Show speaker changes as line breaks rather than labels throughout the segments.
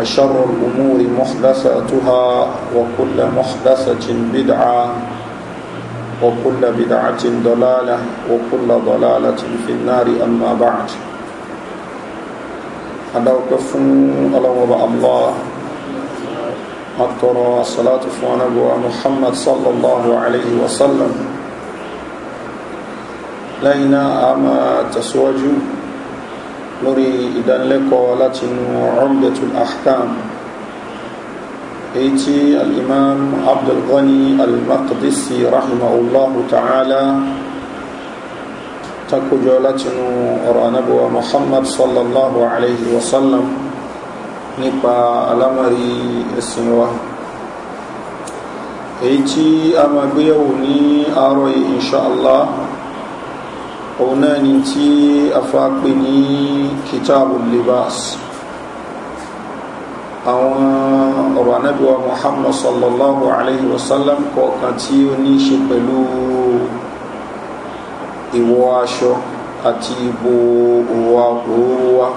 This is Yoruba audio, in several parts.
وشر الأمور محدثاتها وكل محدثة بدعة وكل بدعة ضلالة وكل ضلالة في النار أما بعد أدعوك فن الله وبع الله أترى صلاة فوانا محمد صلى الله عليه وسلم لينا أما تسوجوا lórí ìdánilẹ́kọ̀ọ́ láti inú umdatul ahkam èyí tí al-imam abdulghani al-maqdisi rahimahullahu ta'ala takojọ láti inú ọ̀rọ̀ anábíwa muhammad sallallahu alayhi wa sallam nípa alamari ẹ̀sìn wa èyí tí a máa gbéyàwó ní àárọ̀ yìí inṣáàlá òun náà ni tí afa pè ní kitabu libas àwọn ọ̀rọ̀ anábíwa muhammad sallallahu alaihi wasallam sallam kọ̀ọ̀kan tí ó ní ṣe pẹ̀lú ìwọ aṣọ àti ìbò òwà òwúwa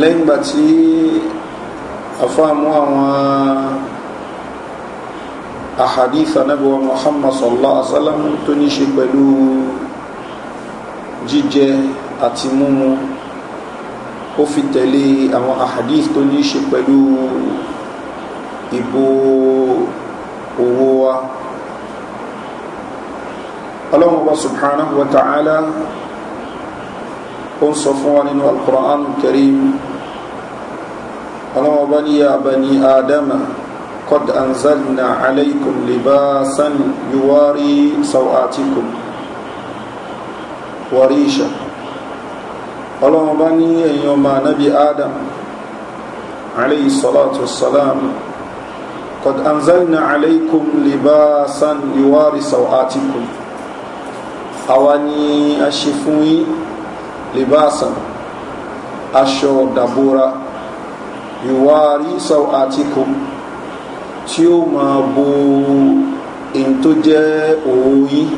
lẹ́yìn gbà tí afáàmú àwọn ahadith anabiwa muhammad sallallahu alaihi wa sallam tó ní ṣe pẹ̀lú jíjẹ àti múmu ó fi tẹ̀lé àwọn ahadith tó ní ṣe pẹ̀lú ìbò owó wa ọlọ́run wa subhanahu wa ta'ala ó ń sọ fún wa nínú alkùrán kẹrin ọlọ́run wa ní yà ní adama قد أنزلنا عليكم لباسا يواري سوآتكم وريشا ọlọ́run bá ní ẹ̀yìn ọmọ anábi adam alayhi salatu salam kod anzalna alaykum libasan iwari sau'atikum awa ni a ṣe fún yí libasan aṣọ dàbúra iwari sau'atikum tí ó máa bo èyí tó jẹ́ òun yín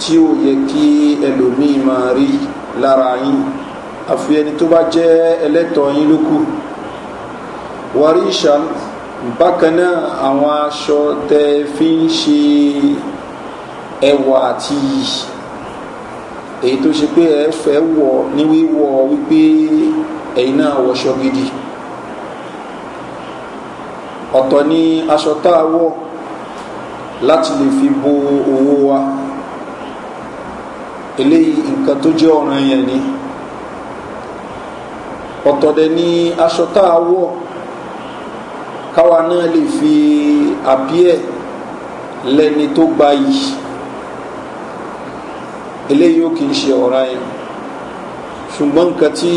tí ó yẹ kí ẹlòmíì máa rí lára yín àfi ẹni tó bá jẹ́ ẹlẹ́tọ̀ọ́ yín ló wàrí ìṣàn bákan àwọn aṣọ tẹ fi ń ṣe ẹwà àti èyí tó ṣe pé ẹ fẹ́ wọ̀ ní wíwọ̀ wípé ẹ̀yin náà wọṣọ gidi ọ̀tọ̀ ni aṣọ tá a láti lè fi bo owó wa eléyìí nǹkan tó jẹ́ ọ̀ràn yẹn ni ọ̀tọ̀ dẹ̀ ni aṣọ tá a wọ̀ káwa náà lè fi àbíẹ̀ lẹ́ni tó gba yìí eléyìí ó kì í ṣe ọ̀ràn yẹn ṣùgbọ́n nǹkan tí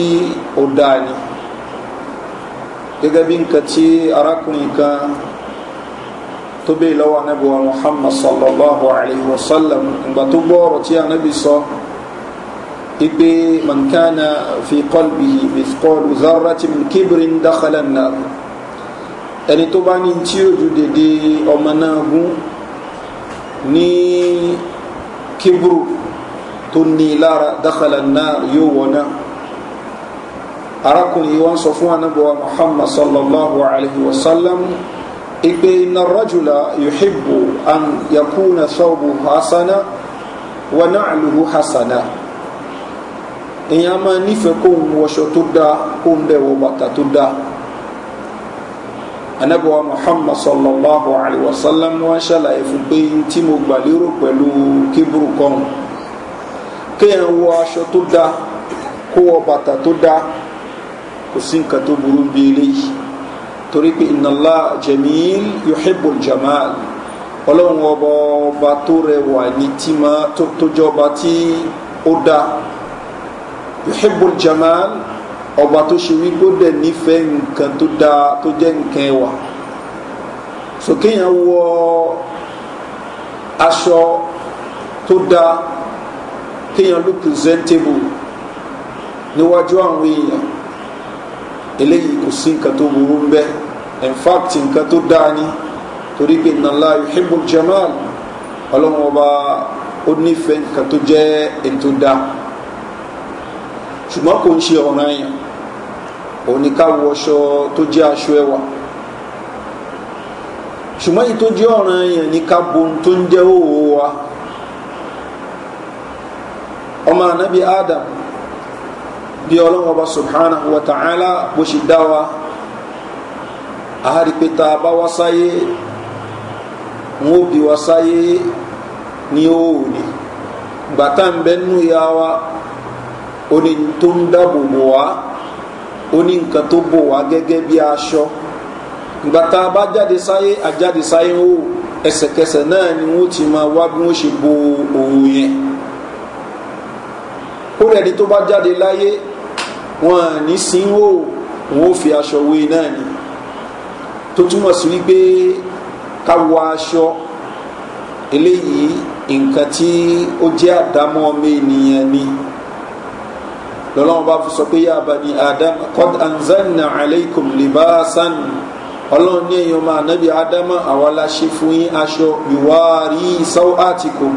ó dáa ni gẹ́gẹ́ bí nǹkan tí arákùnrin kan tó bẹ́ẹ̀ lọ́wọ́ anábì wa muhammad sallallahu alayhi wa sallam ìgbà tó gbọ́ ọ̀rọ̀ tí anábì sọ ipe mankana fi qalbihi mithqalu zarrati min kibrin dakhala an-nar ẹni tó bá ní tí ojú dèdè ọmọ náà gún ní kíbrù tó ní lára dakhala an yóò wọ náà arákùnrin yìí wọ́n sọ fún anábọ̀wá muhammad sallallahu alayhi wa sallam ipe iná rajula yuhibbu an yakuna sọ́ọ̀bù hasana wa na'luhu hasana èèyàn máa nífẹ̀ẹ́ kó ń wọṣọ tó dáa kó ń dẹ̀wọ̀ bàtà tó dáa anabiwa muhammad sallallahu alaihi wasallam wọn ṣàlàyé fún pé tí mo gbà lérò pẹ̀lú kíbrù kan kéèyàn wọ aṣọ tó dáa kó wọ bàtà tó dáa kò sí nǹkan tó burú bí eléyìí torí pé ìnàlá jamil yohebol jamal ọlọ́run ọba ọba tó rẹwà ní tí máa tó jọba tí ó dá yohebol jamal ọba tó ṣe wí gbọ́dẹ̀ nífẹ̀ẹ́ nǹkan tó dáa tó jẹ́ nǹkan ẹwà sòkéyàn wọ aṣọ tó dáa kéèyàn ló presentable níwájú àwọn èèyàn eléyìí kò sí nǹkan tó burú ń bẹ́ in fact nǹkan tó dáa ni torí pé nàlá yuhibbu jamal ọlọ́run ọba ó nífẹ̀ẹ́ nǹkan tó jẹ́ èyí tó dáa ṣùgbọ́n kò ń ṣe ọ̀ràn àyàn òun ni ká wọṣọ tó jẹ́ aṣọ ẹwà ṣùgbọ́n èyí tó jẹ́ ọ̀ràn àyàn ni ká bohun tó ń jẹ́ òwò wa ọmọ anabi adam bí ọlọ́wọ́n bá subhanahu wa ta'ala bó ṣe dá wa àhárí pé tá a bá wá sáyé wọn ò bí wá sáyé ní òòlì gbàtà ń bẹ nínú ìyá wa ó tó ń dáàbò bò wá ó nǹkan tó bò wá gẹ́gẹ́ bí aṣọ gbàtà bá jáde sáyé àjáde sáyé ń wò ẹsẹ̀kẹsẹ̀ náà ni wọ́n ti máa wá bí wọ́n ṣe bo òun yẹn kódà ẹni tó bá jáde láyé wọn ní sínwó wọn ò fi aṣọ wé e náà ni tó túmọ̀ sí wípé ká wọ aṣọ eléyìí nǹkan tí ó jẹ́ àdámọ́ ọmọ ènìyàn ni lọ́lọ́wọ́n bá fi sọ pé yá abani adama kọ́d anzanna aleikum libasan ọlọ́run ní èèyàn máa nábì adama àwọn aláṣẹ fún yín aṣọ ìwárí sáwọ́ àtìkù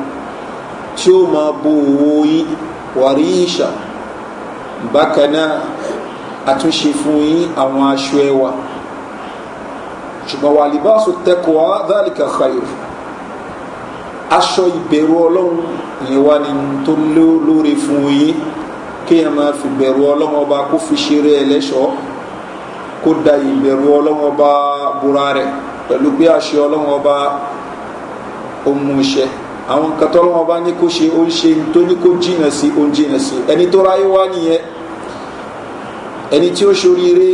tí ó máa bo òwò yín wàríṣà bákan náà àtúnṣe fún yín àwọn aṣọ ẹwà ṣùgbọ́n wà libaṣu tẹ́kọ̀ọ́ dhalika khair aṣọ ìbẹ̀rù ọlọ́run ìyẹn wá ní tó lóore fún yín kéèyàn máa fi bẹ̀rù ọlọ́run ọba kó fi ṣeré ẹlẹ́ṣọ́ kó da ìbẹ̀rù ọlọ́run ọba búra rẹ̀ pẹ̀lú pé aṣọ ọlọ́run ọba ó mú iṣẹ́ àwọn nǹkan tọ́lọ́wọ́n bá ní kó ṣe ó ń ṣe tó ní kó jìnà sí ó ń jìnà sí ẹni tó ráyé wá nìyẹn ẹni tí ó ṣoríire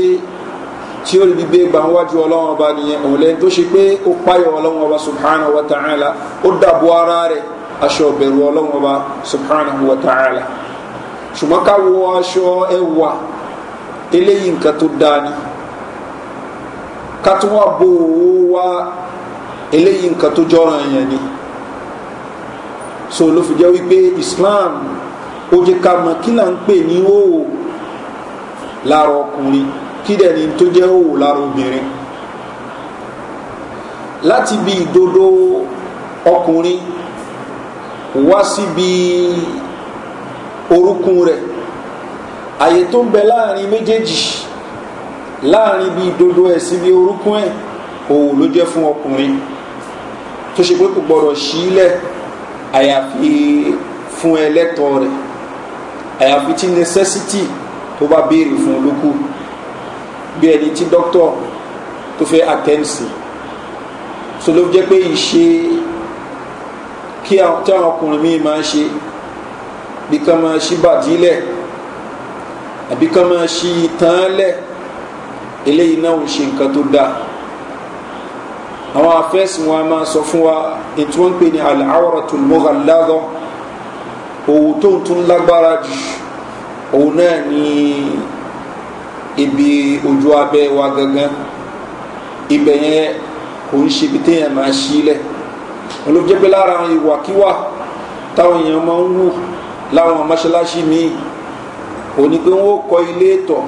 tí ó rí gbígbé gbà wájú ọlọ́wọ́n ọba nìyẹn òun tó ṣe pé ó páyọ̀ ọlọ́wọ́n ọba subhanahu wa ta'ala ó dàbò ara rẹ̀ aṣọ ọ̀bẹ̀rù ọlọ́wọ́n ọba subhanahu wa ta'ala ṣùgbọ́n ká wo aṣọ ẹwà eléyìí nǹkan tó dáa ni ká tún wá bo owó wá eléyìí nǹkan tó jọ́ràn yẹn ni so ló fi jẹ́ wípé islam ó jẹ́ ká mọ kí là ń pè ní òwò lára ọkùnrin kí dẹ̀ ni tó jẹ́ òwò lára obìnrin láti bí ìdodo ọkùnrin wá síbi orúkún rẹ̀ àyè tó ń bẹ láàrin méjèèjì láàrin bí ìdodo ẹ̀ síbi orúkún ẹ̀ òwò ló jẹ́ fún ọkùnrin tó ṣe pé kò gbọ́dọ̀ sílẹ̀ àyàfi fún ẹlẹ́tọ̀ rẹ̀ àyàfi tí necessity tó bá béèrè fún olókù bí ẹni tí dókítọ̀ tó fẹ́ attend sí so ló jẹ́ pé ìṣe kí àwọn ọkùnrin míì máa ń ṣe bí kan máa ṣí bàdílẹ̀ àbí kan máa ṣí tán lẹ̀ eléyìí náà ń ṣe nǹkan tó dáa àwọn afẹ́sìn wa máa sọ fún wa ètò wọn pè ní aláwọ̀rọ̀ tó lọ́gà lágọ́ òwò tó ń tún lágbára jù òun náà ní ibi ojú abẹ́ wa gangan ibẹ̀ yẹn kò ń ṣe ibi téèyàn máa ṣílẹ̀ olùjẹ́ pé lára ìwàkiwà táwọn èèyàn máa ń wù láwọn mọ́ṣáláṣí míì òní pé wọ́n kọ ilé ìtọ̀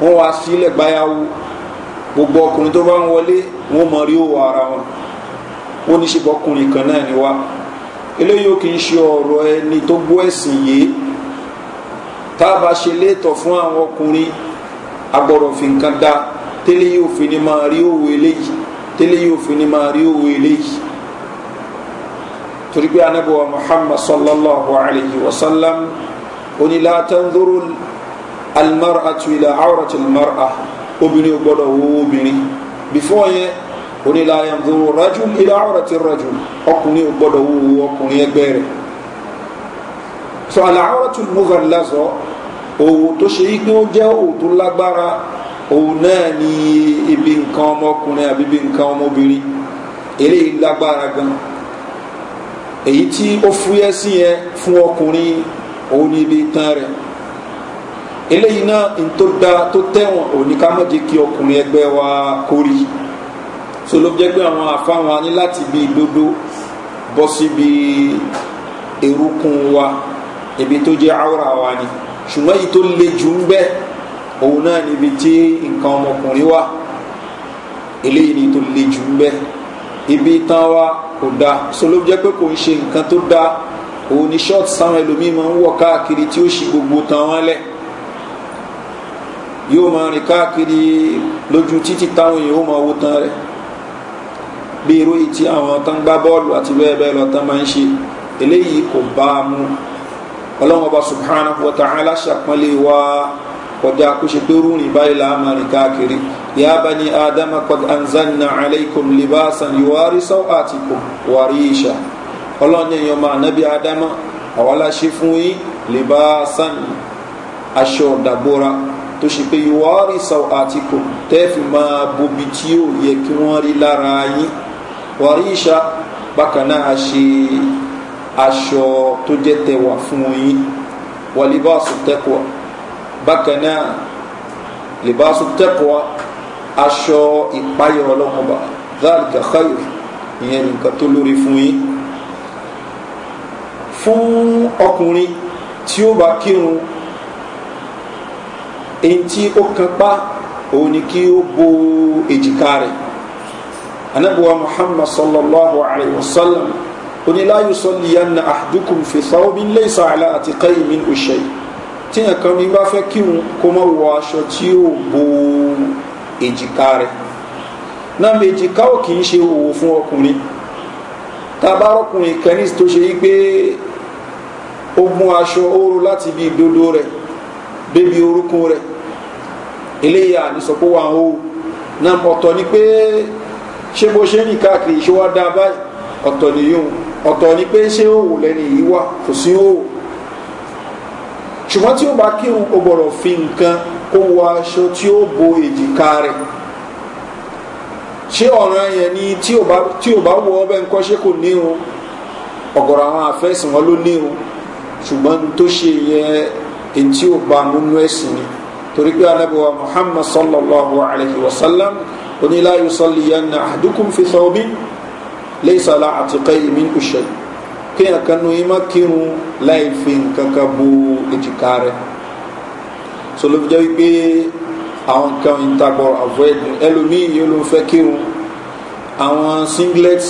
wọ́n wá sílẹ̀ gbáyàwó gbogbo ọkùnrin tó bá ń wọlé wọn mọ rí òwò ara wọn ó ní ṣe bọkùnrin kan náà ni wá eléyìí ò kì í ṣe ọ̀rọ̀ ẹni tó gbọ́ ẹ̀sìn yìí tá a bá ṣe léètọ̀ fún àwọn ọkùnrin agbọ̀rọ̀ fi nǹkan dá tẹ́lẹ̀ yóò fi ni máa rí òwò eléyìí tẹ́lẹ̀ yóò fi ni máa rí òwò eléyìí torí pé anábọ̀wá muhammad sallallahu alayhi wa sallam onílàtàndóró almar'atu ila awratil mar'ah obìnrin ò gbọ́dọ̀ wo obìnrin before yẹn onílàyà ń dúró rájú ilé àwòrán ti rájú ọkùnrin ò gbọ́dọ̀ wo ọkùnrin ẹgbẹ́ rẹ̀ so àlàáwòrán tún mú gan lásọ òwò tó ṣe yí pé ó jẹ́ òwò tó lágbára òun náà ni ibi nǹkan ọmọkùnrin àbí ibi nǹkan ọmọbìnrin eléyìí lágbára gan èyí tí ó fúyẹ́ sí yẹn fún ọkùnrin òun ni ibi tán rẹ̀ eléyìí náà n tó da tó tẹ̀wọ̀n òní ká má jẹ́ kí ọkùnrin ẹgbẹ́ wa kórì so ló jẹ́ pé àwọn àfáwọn ní láti bí dodo bọ́ síbi erukun wa ibi tó jẹ́ awra wa ni ṣùgbọ́n èyí tó le jù ń bẹ́ òun náà níbi tí nǹkan ọmọkùnrin wa eléyìí ni tó le jù ń bẹ́ ibi tán wa kò da so ló jẹ́ pé kò ń ṣe nǹkan tó da òun ni short sáwọn ẹlòmíín máa ń wọ̀ káàkiri tí ó ṣì gbogbo tán wọn lẹ́ẹ̀ yóò máa rìn káàkiri lójú títí táwọn èèyàn ó máa wo tán rẹ̀ bí irú yìí tí àwọn tán gbá bọ́ọ̀lù àti bẹ́ẹ̀ bẹ́ẹ̀ lọ tán máa ń ṣe eléyìí kò bá a mú ọlọ́run ọba subhana wa ta'ala ṣàpọ́nlé wa kọjá kóṣe pé rúrin báyìí là máa rìn káàkiri ya bani adama qad anzalna alaykum libasan yuwari sawatikum warisha ọlọ́run ní èèyàn máa nábì adama àwa la fún yín libasan aṣọ dàgbóra tó ṣe pé ìwọ́rí sọ àtìkò tẹ́fì máa bomi tí ó yẹ kí wọ́n rí lára yín wàrí ìṣá bákan náà a ṣe aṣọ tó jẹ́ tẹwà fún yín wà libáṣu tẹ́kọ̀ bákan náà libáṣu tẹ́kọ̀ aṣọ ìpáyọ̀ ọlọ́mọba dhalika khayo ìyẹn nǹkan tó lórí fún yín fún ọkùnrin tí ó bá kírun èyí tí ó kan pa òun ni kí ó bo èjìká rẹ̀ anabuwa muhammad sallallahu alayhi wa sallam oníláyò sọlí yanna ahdukum fi sáwọ́bí lẹ́sà àlá àti káyì mi ò ṣe tí yàn kan ní bá fẹ́ kí wọn kó má wọ bo èjìká rẹ̀ náà èjìká kì í ṣe òwò fún ọkùnrin tàbá ọkùnrin tó ṣe yí pé ó mú aṣọ oró láti bí ìdodo rẹ̀ bébí orúkún rẹ eléyà ní wà ń hó náà ọ̀tọ̀ ni pé ṣé bó ṣe ń káàkiri ṣé wá dá báyìí ọ̀tọ̀ ni yóò ni pé ṣé yìí kò sí ṣùgbọ́n tí ó bá kírun gbọ́dọ̀ fi nǹkan kó wọ aṣọ tí bo èjìká ṣé ọ̀ràn yẹn ni tí ò bá wọ ọbẹ̀ kò ní o ọ̀gọ̀rọ̀ àwọn àfẹ́sìn wọn o ṣùgbọ́n tó ṣe yẹn etí ó ba múnú ẹ̀sìn ni torí pé anábíwá muhammad sallallahu alayhi wa sallam oníláyò sọlì yẹn na àdúkùn fi sọ́ọ́bí lẹ́sàlá àti kẹ́yìn mi kù ṣe kéèyàn kan nu ima kírun láì fi nǹkan kan bo èjìká rẹ̀ sọlọ́bí wípé àwọn kan ìtagbọ̀ avoid ẹlòmíì yóò ló ń fẹ́ kírun àwọn singlet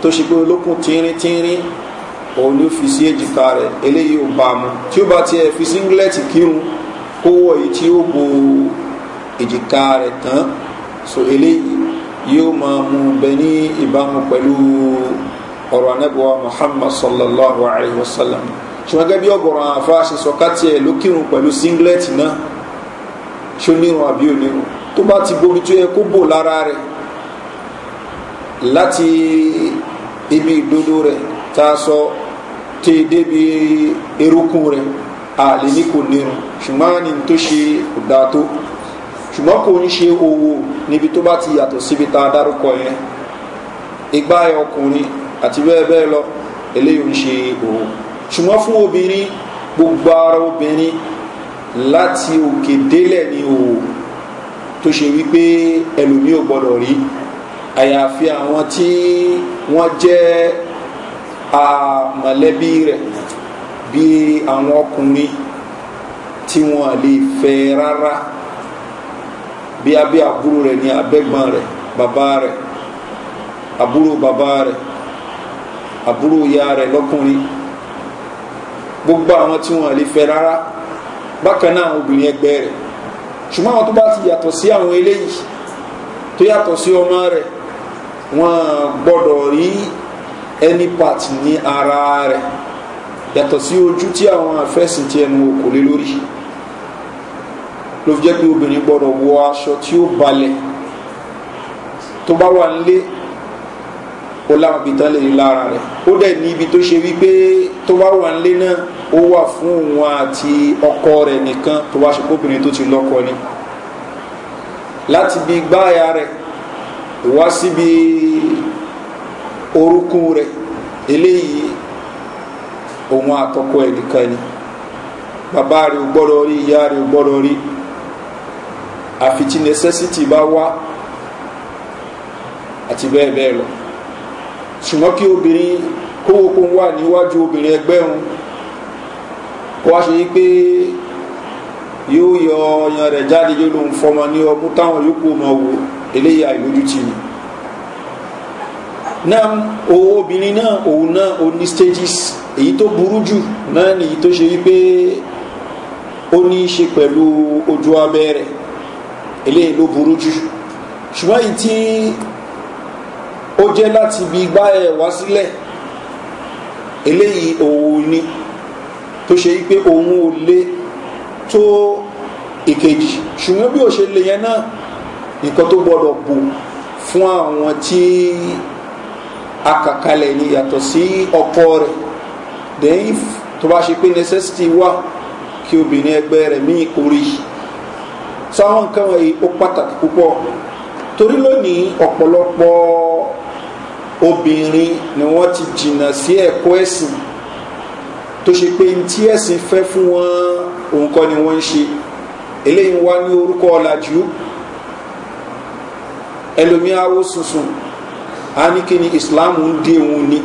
tó ṣe pé olókùn tínrín tínrín òun ni ó fi sí èjìká rẹ̀ eléyìí ò bá mu tí ó bá tiẹ̀ fi síngilẹ́tì kírun kó wọ̀ yìí tí ó bo èjìká rẹ̀ tán so eléyìí yóò máa mu bẹ ní ìbámu pẹ̀lú ọ̀rọ̀ anábíwá muhammad sallallahu alayhi wa sallam ṣùgbọ́n gẹ́gẹ́ bí ọgọ̀rọ̀ àfáàṣẹ sọ̀kátì ẹ̀ ló kírun pẹ̀lú síngilẹ́tì náà ṣó nírun àbí onírun tó bá ti borí tó yẹ kó bò lára rẹ̀ láti ibi ìdodo rẹ̀ tá a sọ tẹ débi erukun rẹ àlè ní kò nírun ṣùgbọ́n ni tó ṣe kò dáa tó ṣùgbọ́n kò ń ṣe owó níbi tó bá ti yàtọ̀ síbi tá a dárúkọ yẹn igbá ọkùnrin àti bẹ́ẹ̀ bẹ́ẹ̀ lọ eléyìí ń ṣe òun ṣùgbọ́n fún obìnrin gbogbo ara obìnrin láti òkè délẹ̀ ní òwò tó ṣe wípé ẹlòmí ò gbọ́dọ̀ rí àyàfi àwọn tí wọ́n jẹ́ a mọ̀lẹ́bí rẹ̀ bí àwọn ọkùnrin tí wọn lè fẹ́ rárá bí abẹ́ àbúrò rẹ̀ ní abẹ́gbọ́n rẹ̀ bàbá rẹ̀ àbúrò bàbá rẹ̀ àbúrò ya rẹ̀ lọ́kùnrin gbogbo àwọn tí wọn lè rárá bákan náà obìnrin ẹgbẹ́ rẹ̀ àwọn tó bá ti sí àwọn eléyìí tó any part ni ara rẹ̀ yàtọ̀ sí ojú tí àwọn afẹ́sìn ti ẹnu kò lé lórí ló fi jẹ́ pé obìnrin gbọ́dọ̀ wọ aṣọ tí ó balẹ̀ tó bá wà nílé ó láwọn ibi tán lè rí lára rẹ̀ ó dẹ̀ ní ibi tó ṣe wípé tó bá wà nílé náà ó wà fún òun àti ọkọ rẹ̀ nìkan tó bá ṣe kóbìnrin tó ti lọ́kọ ni láti bí gbáàyà rẹ̀ wá síbi orúkún rẹ eléyìí òun àtọkọ ẹ̀ ni bàbá rẹ̀ ò gbọdọ rí ìyá a ò gbọdọ rí àfi necessity bá wá àti bẹ́ẹ̀ bẹ́ẹ̀ lọ ṣùgbọ́n kí obìnrin kówókó wà níwájú obìnrin ẹgbẹ́ òun kó ṣe yí pé yóò yọ ọyàn rẹ̀ jáde yóò lòun fọmọ ní ọmú táwọn yòókù ọmọ eléyìí àìlójútì ni náà owó obìnrin náà òun náà ó ní stages èyí tó burú jù náà nìyí tó ṣe wípé ó ní í ṣe pẹ̀lú ojú abẹ́rẹ́ eléyìí ló burú jù ṣùgbọ́n èyí tí ó jẹ́ láti ibi igbá ẹ̀ wá sílẹ̀ eléyìí òun ni tó ṣe wípé òun ò lé tó ìkejì ṣùgbọ́n bí ó ṣe lè yẹn náà nǹkan tó gbọ́dọ̀ bò fún àwọn tí. Ti akakalẹ̀ ni yàtọ̀ sí ọkọ rẹ̀ then if tó bá ṣe pé necessity wà kí obìnrin ẹgbẹ́ rẹ̀ mí orí so àwọn nǹkan wọ̀nyí ó pàtàkì púpọ̀ torí lónìí ọ̀pọ̀lọpọ̀ obìnrin ni wọ́n ti jìnnà sí ẹ̀kọ́ ẹ̀sìn tó ṣe pé tí ẹ̀sìn fẹ́ fún wọn òun ni wọ́n ń ṣe eléyìí wá ní orúkọ ọ̀làjú ẹlòmíà ó sunsun a ní kí ni islam ń dé òun ni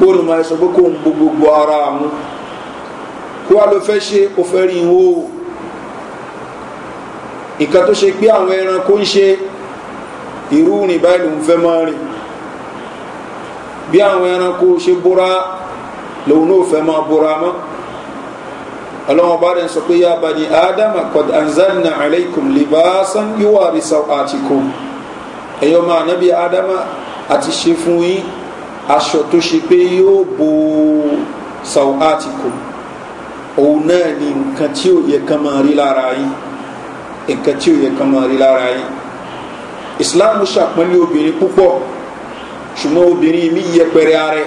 bóòlù máa sọ pé kó ń bo gbogbo ara àwọn kó wá ló fẹ́ ṣe ó fẹ́ rí ìwó nǹkan tó ṣe pé àwọn ẹranko ń ṣe irú rìn báyìí ló ń fẹ́ máa rìn bí àwọn ẹranko ṣe bóra lòun náà fẹ́ máa bóra mọ́ ọlọ́wọ́n bá dẹ̀ sọ pé yá bani adam akọ̀d anzalna aleikum libasan yíwá risaw àtikùn ẹ̀yọ́ máa nábì adama àti ṣe fún yín aṣọ tó ṣe pé yóò bo sau àtìkù òun náà ni nǹkan tí ò yẹ kan máa rí lára yín nǹkan tí ò yẹ kan máa rí lára yín islam ṣàpọ́nlé obìnrin púpọ̀ ṣùgbọ́n obìnrin mi yẹpẹrẹ ààrẹ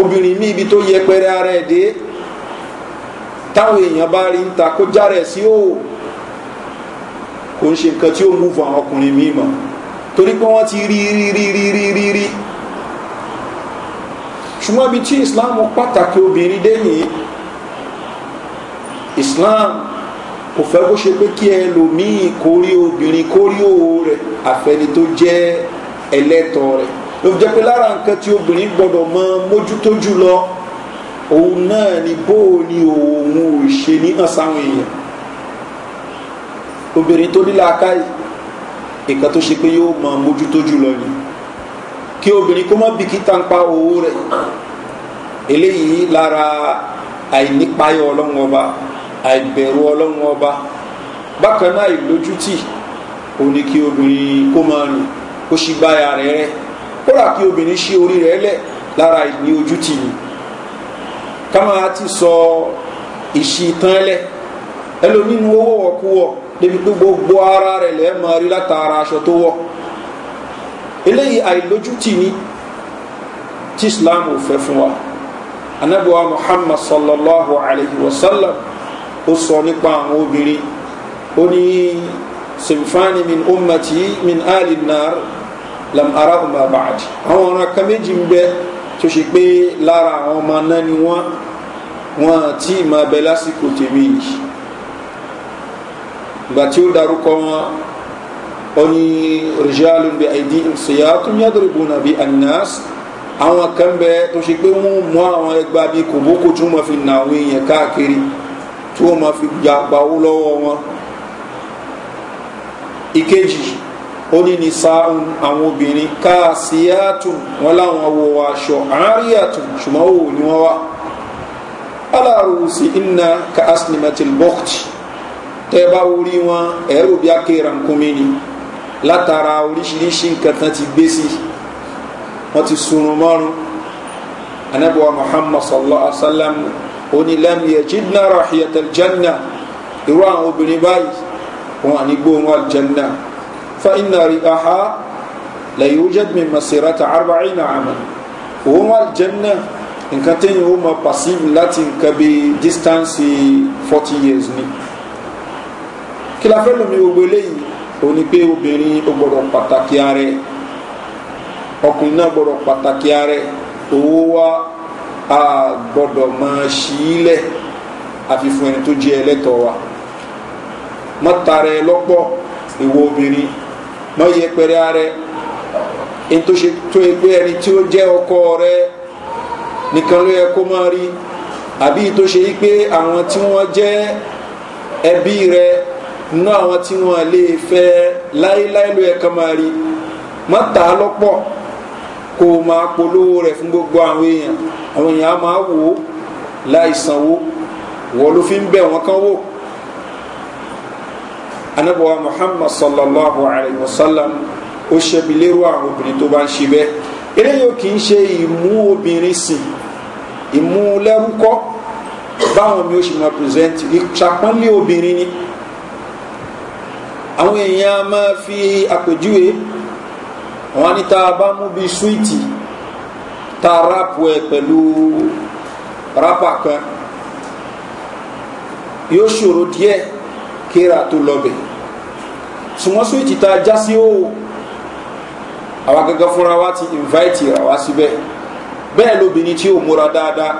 obìnrin mi ibi tó yẹpẹrẹ ààrẹ dé táwọn èèyàn bá rí ń ta kó járe sí òò kò ń ṣe nǹkan tí ó mú fún àwọn ọkùnrin mi mọ́ torí pé wọ́n ti rí rí rí rí rí rí rí ṣùgbọ́n ibi tí islam pàtàkì obìnrin dé yìí islam kò fẹ́ kó ṣe pé kí ẹlòmíì kórí obìnrin kórí òwò rẹ̀ àfẹni tó jẹ́ ẹlẹ́tọ̀ rẹ̀ ló fi jẹ́ pé lára nǹkan tí obìnrin gbọ́dọ̀ mọ mójútó jùlọ òun náà ni bóò ni òun ò ṣe ní hàn èèyàn obìnrin tó ní làákàyè nǹkan tó ṣe pé yóò máa mójútó jùlọ ni kí obìnrin kó má bìkítà ń pa owó rẹ̀ eléyìí lára àìnípayọ ọlọ́run ọba àìbẹ̀rù ọlọ́run ọba bákan náà ìlójútì òun ni kí obìnrin kó máa rìn kó ṣì gbáya rẹ̀ rẹ̀ kódà kí obìnrin ṣí orí rẹ̀ lẹ̀ lára ìní ojútì ni ká máa ti sọ ìṣìtàn ẹlẹ ẹlòmínú owó wọ̀kúwọ̀ débi pé gbogbo ara rẹ̀ lẹ́ẹ̀ máa rí látara aṣọ tó wọ̀ eléyìí àìlójútì ni tí islam ò fẹ́ fún wa anabiwa muhammad sallallahu alayhi wa sallam ó sọ nípa àwọn obìnrin ó ní sinfani min ummati min ali nar lam ara umar baadi àwọn ọ̀ràn kan méjì ń bẹ tó ṣe pé lára àwọn ọmọ náà ni wọ́n wọ́n ti máa bẹ lásìkò tèmi yìí ìgbà tí ó darúkọ wọn ó ní rìjálùm bí àìdí ìṣòyà tó ń yàdùrìbù nàbí anas àwọn kan bẹ tó ṣe pé wọn mú àwọn ẹgbàá bíi kòbókò tí wọn fi nà àwọn èèyàn káàkiri tí wọn máa fi gba gbawó lọ́wọ́ wọn ìkejì ó ní ní sáàrùn àwọn obìnrin káàsíyàtùn wo ni wọ́n wá aláàrùsí iná ka aslimatil bọ́ọ̀tì tẹ́ bá wúri wọn ẹ̀rù bí akéèrà nkúmi ni látara oríṣiríṣi nǹkan tán ti gbé sí wọ́n ti sunrun mọ́run anabiwa muhammad sallallahu alaihi wa sallam onílẹ́mìí ẹ̀jìdínà rahiyatal janna irú àwọn obìnrin báyìí wọn à ní gbóhùn aljanna fa iná rí aha lẹ́yìn ojúdé mi masirata arba'in àmà òun aljanna nǹkan tẹ́yìn ó mọ pàṣípù láti nǹkan distance forty years ni kí la fẹ́ lómi gbogbo eléyìí òun ni pé obìnrin ó gbọ́dọ̀ pàtàkì ààrẹ ọkùnrin náà gbọ́dọ̀ pàtàkì ààrẹ owó wa a gbọ́dọ̀ máa ṣí ilẹ̀ àfi fún ẹni tó jẹ́ ẹlẹ́tọ̀ wa mọ́ta rẹ lọ́pọ̀ ìwọ obìnrin mọ́ yẹpẹrẹ ààrẹ ẹni tó ṣe tó ẹgbẹ́ ẹni tí ó jẹ́ ọkọ rẹ nìkan ló yẹ kó máa rí àbí tó ṣe yí pé àwọn tí wọ́n jẹ́ ẹbí rẹ nínú àwọn tí wọ́n lè fẹ́ láéláé ló yẹ ká máa rí má ta lọ́pọ̀ kó o máa polówó rẹ̀ fún gbogbo àwọn èèyàn àwọn èèyàn á máa wò ó láì sanwó wọ́n ló fi ń bẹ̀ wọ́n kán wò anabuwa muhammad sallallahu alayhi wa sallam ó ṣẹbi lérò àwọn obìnrin tó bá ń ṣe bẹ́ẹ̀ eléyìí ò kì í ṣe ìmú obìnrin sìn ìmú lẹ́rú báwọn mi ó ṣe máa pírẹsẹ̀ntì ìṣàpọ́nlé obìnrin ni àwọn èèyàn a máa fi àpèjúwe wọn ní tá a bá mú bí súwìtì tá a ráàpù ẹ pẹ̀lú rápà kan yóò ṣòro díẹ̀ kéra tó lọ́bẹ̀ ṣùgbọ́n súwìtì tá a já àwa gẹ́gẹ́ fúnra wa ti invite ra wa síbẹ̀ bẹ́ẹ̀ lóbìnrin tí ó múra dáadáa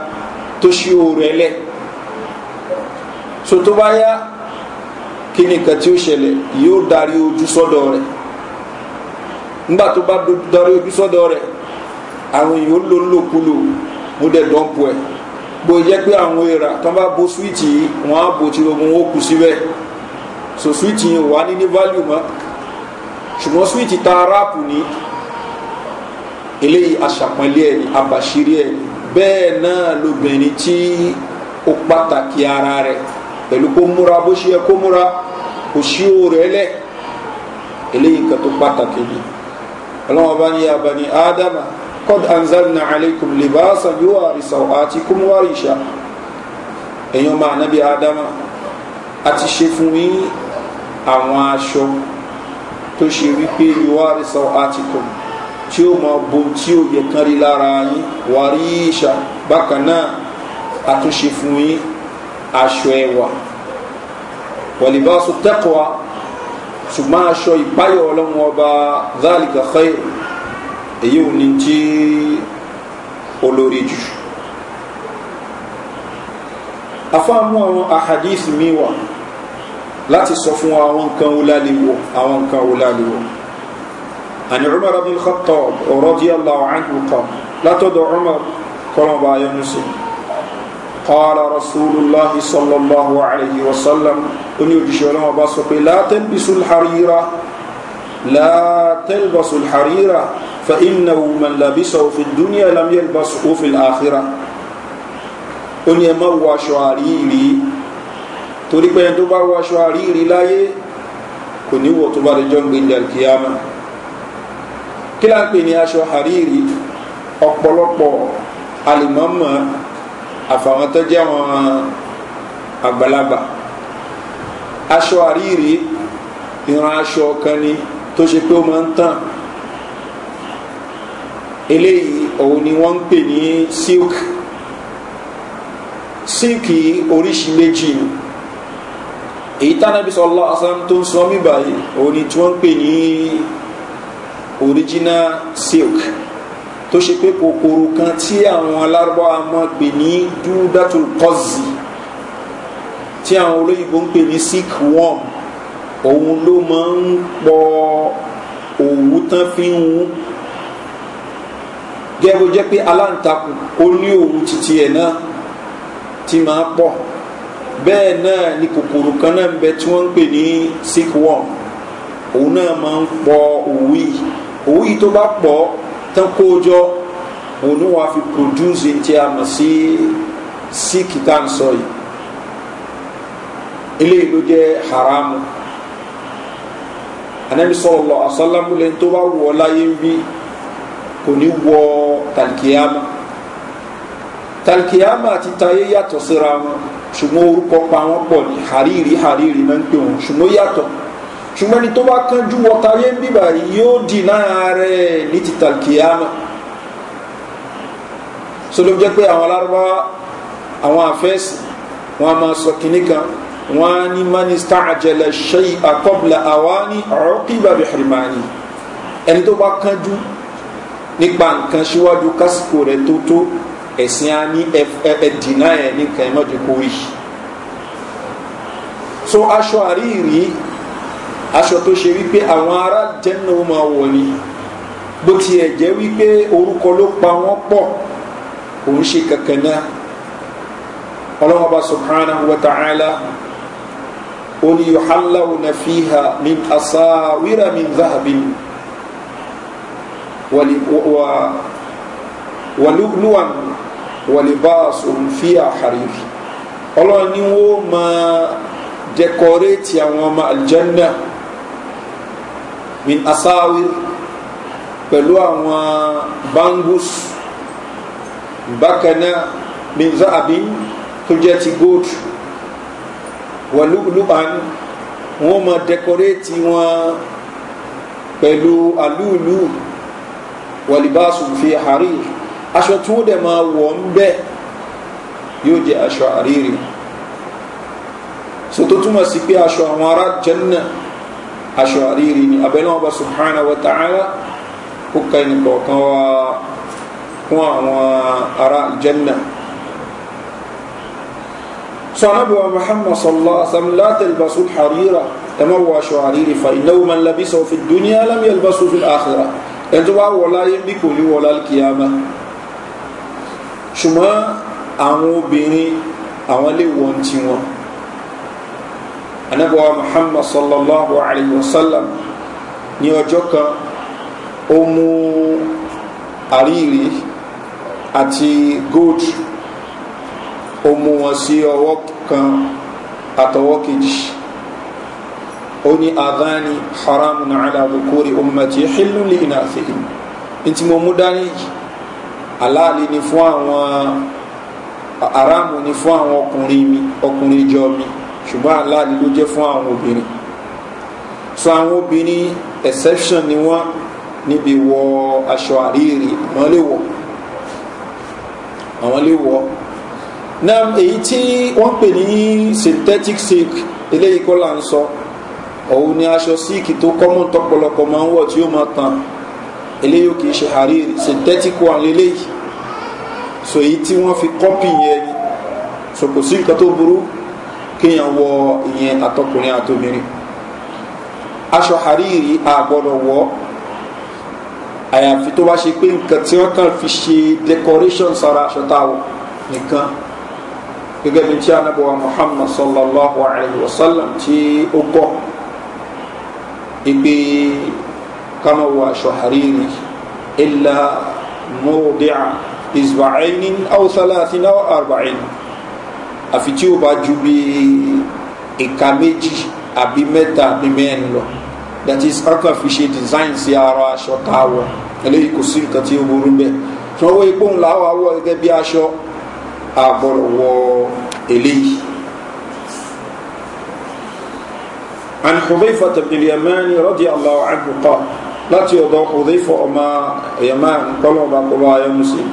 tó ṣí oore ẹlẹ́ so tó Kini ka ti tí ó ṣẹlẹ̀ yóò darí ojú sọ́dọ̀ rẹ̀ tó bá darí ojú sọ́dọ̀ rẹ̀ àwọn èèyàn ó lò mo ẹ̀ bó jẹ́ pé àwọn èèrà tán bá bo switi yìí wọ́n á bo tí ó kù síbẹ̀ so swíìtì yìí wà ní ní value ta ráàpù ni, eléyìí náà lobìnrin tí rẹ̀ pẹ̀lú kó múra bó ṣe yẹ kó múra kò sí òòrè ẹlẹ́ eléyìí nǹkan tó pàtàkì ni ọlọ́wọ́n bá ní yaba ní ádámà kọ́d anzalna aleikum libasa yóò àrísà àti kúmúwárìṣà èèyàn máa nábi ádámà àti ṣe fún yín àwọn aṣọ tó ṣe wípé yóò àrísà àti kùn tí ó mọ bo tí ó yẹ kán rí lára yín wàríṣà bákan náà àtúnṣe fún yín aṣọ ẹwà wàlíbáṣu tẹ́kọ̀ọ́ ṣùgbọ́n aṣọ ìbáyọ̀ ọlọ́run ọba zálìkà xeyr èyí ò ní tí olórí jù afáàmú àwọn ahadith mi wà láti sọ fún àwọn nǹkan olálewò àwọn nǹkan olálewò àni umar abdulkhattab ọ̀rọ̀ díẹ̀ làwọn àìkú kan látọ̀dọ̀ umar kọ́nà bá qala rasulullahi sallallahu alayhi wa sallam ó ní òjìṣẹ́ ọlọ́wọ́ bá sọ pé látẹ́lbisù harira látẹ́lbasù harira fa inna man labisa òfin dúníà lam yalbasù òfin àkhira ó ní ẹ má wọ aṣọ àríyìrí torí pé ẹni tó bá wọ aṣọ àríyìrí láyé kò ní wọ tó bá lè jọ ń gbé ní alkiyama kí láǹpẹ̀ ní aṣọ àríyìrí ọ̀pọ̀lọpọ̀ alìmọ́mọ́ àfàwọn tó jẹ́ wọn àgbàlagbà aṣọ àríyìrí ìran aṣọ kan ni tó ṣe pé ó máa ń tàn eléyìí òun ni wọ́n ń pè ní silk sílkì oríṣi méjì ni èyí tánàbí sọlá asán tó ń sọ mí báyìí òun ni tí wọ́n ń pè ní original silk tó ṣe pé kòkòrò kan tí àwọn alárúbọ àmọ́ pè ní dúdàtú kọ́zì tí àwọn olóyìnbó ń pè ní sick worm òun ló máa ń pọ òwú tán fi ń wú gẹ́gbó jẹ́ pé aláǹtakùn ó ní òwú títí ẹ̀ náà tí máa pọ̀ bẹ́ẹ̀ náà ni kòkòrò kan náà ń bẹ tí wọ́n ń pè ní sick worm òun náà máa ń pọ òwú yìí òwú yìí tó bá pọ̀ tán kó jọ òun ni wọ́n á fi produce ti a mọ̀ sí síkì tá à ń sọ yìí eléyìí ló jẹ́ haramu anabi sọlọ asalamule tó bá wọ láyé ń bí kò ní wọ talikiyama talikiyama àti tayé yàtọ̀ síra wọn ṣùgbọ́n orúkọ pa wọn pọ̀ ní hariri hariri náà ń pè wọn ṣùgbọ́n yàtọ̀ ṣùgbọ́n ni tó bá kánjú wọtayé ń bíbà yóò dì náà rẹ̀ ní ti tàlkìyàmà so ló jẹ́ pé àwọn alárúbá àwọn àfẹ́sì wọn a máa sọ kìnní kan wọn á ní mínísítà àjẹlẹ ṣe àkọ́bùlà àwa ní ọ̀rọ̀ kí bàbá ìrìnmáàní ẹni tó bá kánjú nípa nǹkan síwájú kásìkò rẹ̀ tó tó ẹ̀sìn á ní ẹ̀dínà ẹ̀ nìkan ẹ̀ so aṣọ àríyìí aṣọ tó ṣe wípé àwọn ará jẹ́nà ó máa wọ̀ ni bó tiẹ̀ jẹ́ wípé orúkọ ló pa wọ́n pọ̀ òun ṣe kankan náà ọlọ́wọ́n bá subhana wa ta'ala ó ní yohalawo na fi ha min asawira min zahabin wàlúwàn wàlúbáàsùn fi àhàrírí ọlọ́wọ́n ni wọ́n máa dẹkọrẹ́tì àwọn ọmọ aljanna min asawir pẹ̀lú àwọn bangus bákanáà min zahabin tó jẹ́ ti gold wàlúùlùbán wọ́n mọ dẹkọrétì wọn pẹ̀lú alúùlù wàlíbáṣù fi harir aṣọ tí wọ́n dẹ̀ máa wọ̀ ń bẹ́ yóò jẹ́ aṣọ àríri so tó túmọ̀ sí pé aṣọ àwọn ará jẹ́ aṣọ àríri ni abẹ́lẹ́ wọn bá subhanahu wa ta'ala kó ka ẹni kọ̀ọ̀kan wa fún àwọn ará aljanna sọ anábìwá muhammad sallallahu alaihi wa sallam látẹ̀lbàṣu harira ẹ má wọ aṣọ àríri fa ìnáwó man labisa fi dúníà lámì yalbasu fi àkhira ẹni tó bá wọlá yín bí kò ní wọlá kìyàmá ṣùgbọ́n àwọn obìnrin àwọn lè wọ́n ti wọn anabiwa muhammad sallallahu alayhi wa sallam ní ọjọ́ kan ó mú àríyìí àti gold ó mú wọn sí ọwọ́ kan àtọwọ́ kejì ó ní àdáni haramu na aláàbùkúrí ummati hìlú lè nà in tí mo mú dání aláàlì ni fún àwọn aramu ni fún àwọn ọkùnrin mi ọkùnrin jọ mi ṣùgbọ́n aláàlú ló jẹ́ fún àwọn obìnrin so àwọn obìnrin exception ni wọ́n níbi wọ aṣọ àríyìrì àwọn lè wọ̀ àwọn lè wọ̀ náà èyí tí wọ́n pè ní synthetic silk eléyìí kọ́ là ń sọ òun ni aṣọ síìkì tó kọ́mọ̀ tọpọlọpọ máa ń wọ̀ tí ó máa tan eléyìí kì í ṣe àríyìrì synthetic one lélẹ́yìí so èyí tí wọ́n fi kọ́pì yẹn ni so kò sí nǹkan tó burú kéèyàn wọ ìyẹn àtọkùnrin àtòmìnrin aṣọ àríyìí àgbọ̀dọ̀ wọ́ àyàfi tó bá ṣe pé nǹkan tí wọ́n kàn fi ṣe decoration sára aṣọ táwọ̀ nìkan gẹ́gẹ́ bí tí anábọ̀wá muhammad sallallahu alayhi wa sallam tí ó kọ́ ìgbé kama wọ aṣọ àríyìí ilà mọ́ọ̀dẹ́à ìzbàáyín àwòsálà náà àrùbáyín àfi tí ó bá ju bí ìka méjì àbí mẹ́ta àbí mẹ́rin lọ that is ọkàn fi ṣe design sí ara aṣọ tá a wọ eléyìí kò sí nǹkan tí ó burú bẹ́ẹ̀ tí wọ́n wọ ipò ńlá wa wọ gẹ́gẹ́ bí aṣọ àbọ̀rọ̀ wọ eléyìí. عن حذيفة بن اليمان رضي الله عنه قال لا تيضا حذيفة أما يمان قالوا بقوا يا مسلم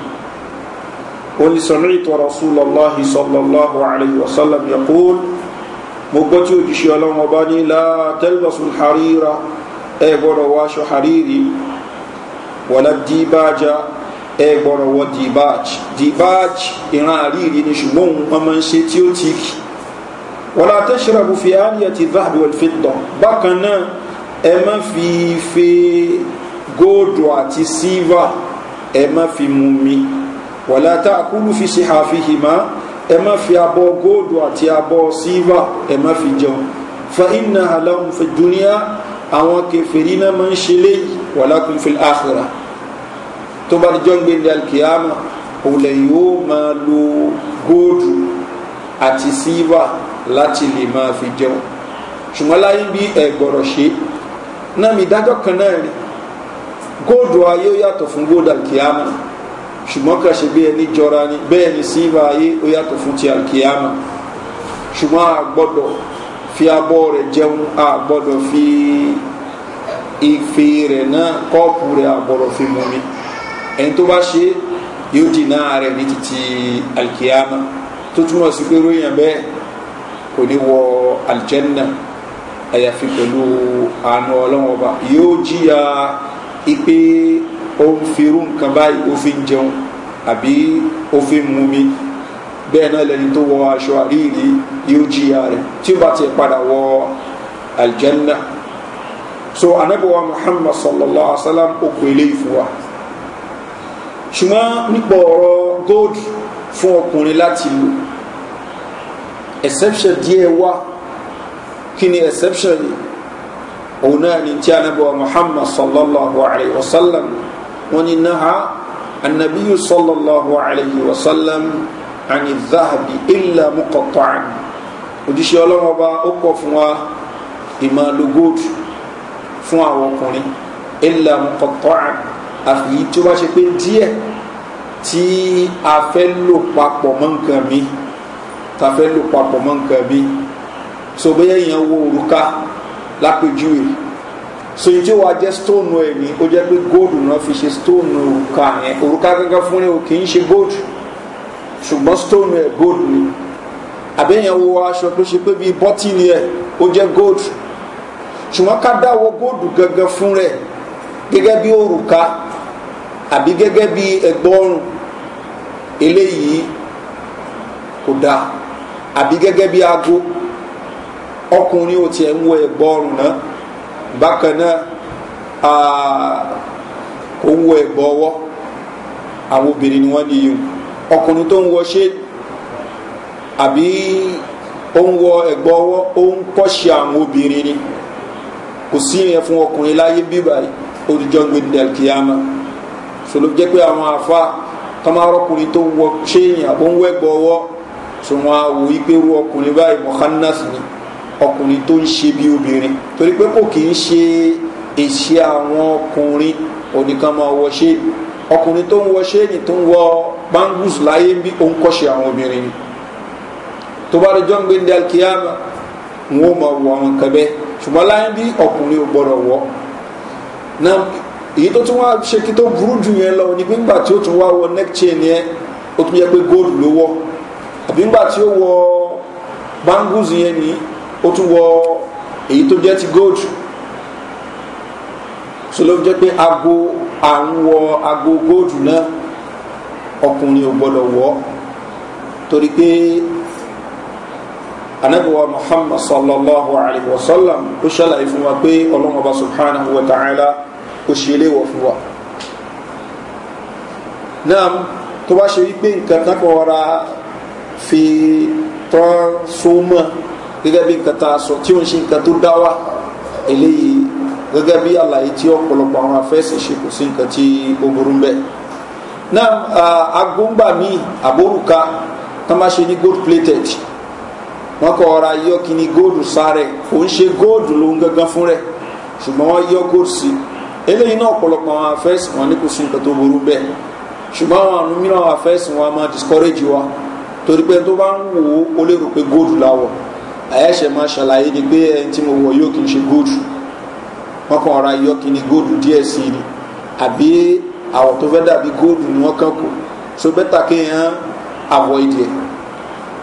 oni samiitu rasulallahi sallallahu alayhi wa sallam yaqul mo gbọ́ tí òjìṣẹ́ ọlọ́run ọba ní la talbasul harira ẹ gbọ́dọ̀ wọ aṣọ hariri wàlá dìbàjá ẹ gbọ́dọ̀ wọ dìbàj dìbàj ìran àríri ni ṣùgbọ́n wọn ń ṣe tí ó ti kì wàlá tashrabu fi aliyati dhahabi wal fidda bákan náà ẹ má fi fe góòdù àti sílvà ẹ má fi mú mi wàlá ta'kulu fi sihafihima ẹ má fi abọ́ góòdù àti abọ́ sílvà ẹ má fi jẹun fa innaha lahum fi dunya àwọn kèfèrí náà máa ń ṣe léyìí walakum fil akhirah tó bá dijọ́ gbẹ̀ndẹ̀ alkiyama òlẹ̀ yóò máa lo góòdù àti sílvà láti lè máa fi jẹun ṣùgbọ́n láyé bí ẹ̀gbọ̀rọ̀ ṣe náà mi dájọ́ kan náà rí góòdù ayé yàtọ̀ fún góòdù alkiyama ṣùgbọ́n kà ṣe bí ẹni jọra ni bẹ́ẹ̀ ni sílva ayé ó yàtọ̀ fún ti alkiyama ṣùgbọ́n a gbọ́dọ̀ fi abọ́ rẹ̀ jẹun a gbọ́dọ̀ fi ife rẹ̀ náà kọ́ọ̀pù rẹ̀ àgbọ̀rọ̀ fi mú mi ẹni tó bá ṣe yóò di náà rẹ̀ ní títí alkiyama tó túmọ̀ sí pé ròyìn bẹ́ẹ̀ kò ní wọ aljanna àyàfi pẹ̀lú àánú ọlọ́wọ́ba yóò jìyà ipe ó ń fi irú nǹkan báyìí ó fi ń jẹun àbí ó fi ń mumi bẹ́ẹ̀ náà lẹni tó wọ aṣọ àríyìí yóò jìyà rẹ̀ tí ó bá ti padà wọ aljanna so anabiwa muhammad sallallahu alaihi wa sallam ó kó eléyìí fún wa ṣùgbọ́n nípa ọ̀rọ̀ gold fún ọkùnrin láti lò exception díẹ̀ wá kí ni exception yìí òun náà ni tí anabiwa muhammad sallallahu alaihi wa sallam wọn ni naha anabiyu sallallahu alayhi wa sallam ani zahabi illa muqatta'an ojúṣe ọlọ́run ọba ó kọ̀ fún wa ìmọ̀lò gold fún àwọn ọkùnrin illa muqatta'an àfìyí bá ṣe pé díẹ̀ tí a fẹ́ lò papọ̀ mọ́ nǹkan mi ta fẹ́ lò papọ̀ mọ́ nǹkan mi so bóyá èèyàn wo òrùka lápèjúwe so yìí tí wàá jẹ́ stone ẹ̀ ní ó jẹ́ pé gold náà fi ṣe stone òrùka yẹn òrùka gángan fún ni o kì í ṣe gold ṣùgbọ́n stone ẹ̀ gold ni àbẹ́yẹn wo aṣọ tó ṣe pé bíi bọ́tìnì ẹ̀ ó jẹ́ gold ṣùgbọ́n ká dáwọ́ gold gangan fún rẹ̀ gẹ́gẹ́ bí òrùka àbí gẹ́gẹ́ bí ẹgbọ́rùn eléyìí kò dáa àbí gẹ́gẹ́ bí aago ọkùnrin ò tiẹ̀ ń wọ ẹgbọ́rùn náà bákan náà owó ẹ̀gbọ́ ọwọ́ àwọn obìnrin ni wọ́n ní yìí ọkùnrin tó ń wọ ṣé àbí ó ń wọ ẹ̀gbọ́ ọwọ́ ó ń kọ́ṣe àwọn obìnrin ni kò sí yẹn fún ọkùnrin láyé bíbá olùjọ́ gbẹ̀dẹ̀ kìámà sọlọ́ jẹ́ pé àwọn àfa tọ́márọ́kùnrin tó wọ ṣé yẹn àbó ń wẹ́gbọ́ ọwọ́ sọ wọn àwòyí pé irú ọkùnrin báyìí mọ̀hánnásì ni ọkùnrin tó ń ṣe bí obìnrin torí pé kò kì í ṣe èṣì àwọn ọkùnrin onìkan máa wọ ọkùnrin tó ń wọ ni tó ń wọ bangus láyé ń bí òun kọ́ṣe àwọn obìnrin ni tó bá rí john gbendé alkiyama wọn ò máa wọ àwọn nǹkan bẹ́ẹ̀ ṣùgbọ́n láyé bí ọkùnrin ò gbọ́dọ̀ wọ náà èyí tó tún wá ṣe kí tó burú jù yẹn lọ ní gbígbà tí ó tún wá wọ neck chain yẹn ó tún yẹ pé gold ló wọ àbí ńgbà tí ó wọ bangus yẹn nìyí ó tún wọ èyí tó jẹ́ ti gold so ló fi jẹ́ pé aago àrùn wọ aago gold náà ọkùnrin ò gbọ́dọ̀ wọ́ torí pé anabiwa muhammad sallallahu alaihi wasallam ó ṣàlàyé fún wa pé ọlọ́run ọba subhanahu wa ta'ala ó ṣe ilé wọ̀ fún wa náà tó bá ṣe wípé nǹkan kan kọ́ ra fi tán súnmọ́ gẹ́gẹ́ bí nǹkan tá a sọ tí ó ń ṣe nǹkan tó dá wà eléyìí gẹ́gẹ́ bí àlàyé tí ọ̀pọ̀lọpọ̀ àwọn afẹ́sẹ̀ ṣe kò sí nǹkan tí ó burú ń náà agbóngbà míì àbórùka tá ṣe ní gold plated wọ́n kọ́ ọ̀ra yọ kíní góòdù sáré kò ń ṣe góòdù ló ń gangan fún rẹ̀ ṣùgbọ́n wọ́n yọ góòdù sí eléyìí náà ọ̀pọ̀lọpọ̀ àwọn afẹ́sẹ̀ wọn ní kò sí nǹkan tó burú bẹ́ẹ̀ ṣùgbọ́n àwọn mìíràn afẹ́sẹ̀ wọn máa discourage wa torí pé tó bá ń wò ó lérò pé góòdù láwọ̀ ẹ̀ẹ́ṣẹ̀ máa ṣàlàyé ni pé ẹni tí mo wọ̀ yóò kí n ṣe góòdù wọ́n kàn ra yọ kí ni góòdù díẹ̀ sí i ni àbí àwọ̀ tó fẹ́ dàbí góòdù ni wọ́n kàn kó so bẹ́tà kéèyàn avoid yẹ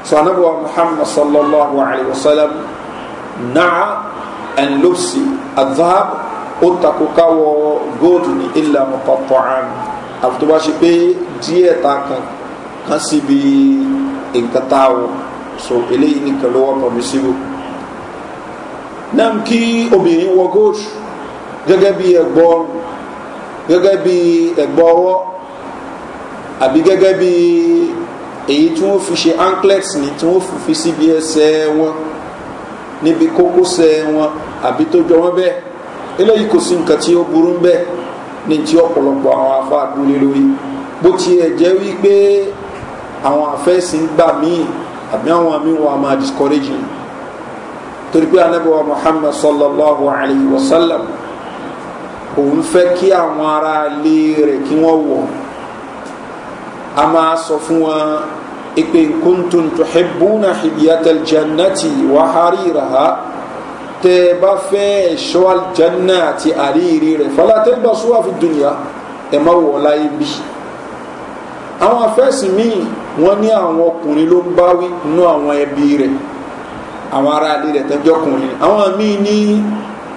so anabiwa muhammad sallallahu alayhi wa sallam naa ẹn lóbsì azab ó takò káwọ góòdù ní ilà mọ̀pọ̀pọ̀ àmì àfi tó bá ṣe pé díẹ̀ ta kan kan síbi nǹkan tá a wọ̀ so eléyìí nìkan ló wọ́n pọ̀mísíbù náà kí obìnrin wọ gold gẹ́gẹ́ bí ẹ̀gbọ́ gẹ́gẹ́ bí ẹ̀gbọ́ ọwọ́ àbí gẹ́gẹ́ bí èyí tí wọ́n fi ṣe anklet ni tí wọ́n fi síbi ẹsẹ̀ wọn níbi kókósẹ̀ wọn àbí tó jọ wọ́n bẹ́ẹ̀ eléyìí kò sí nǹkan tí ó burú ń bẹ́ẹ̀ ní tí ọ̀pọ̀lọpọ̀ àwọn afáàdúró lórí bó tiẹ̀ jẹ́ wípé àwọn àfẹ́sìn gbà míì àbí àwọn àmì wọn a máa discourage yìí torí pé anábẹ́wà muhammad sallallahu alayhi wa sallam òun fẹ́ kí àwọn ará ilé rẹ̀ kí wọ́n wọ̀ a máa sọ fún wọn ipe nkuntun tuhibbuna hibiyatal jannati wa hariraha tẹ́ fẹ́ ẹ̀ṣọ́ aljanna àti àríyìrí rẹ̀ falatẹ́ bá sùwà fi dunya ẹ̀ má wọ̀ láyé bíi. àwọn afẹ́sìn míì wọ́n ní àwọn ọkùnrin ló ń bá wí nú àwọn ẹbí rẹ̀ àwọn ará ilé rẹ̀ tẹ́jọ́ ọkùnrin àwọn míì ní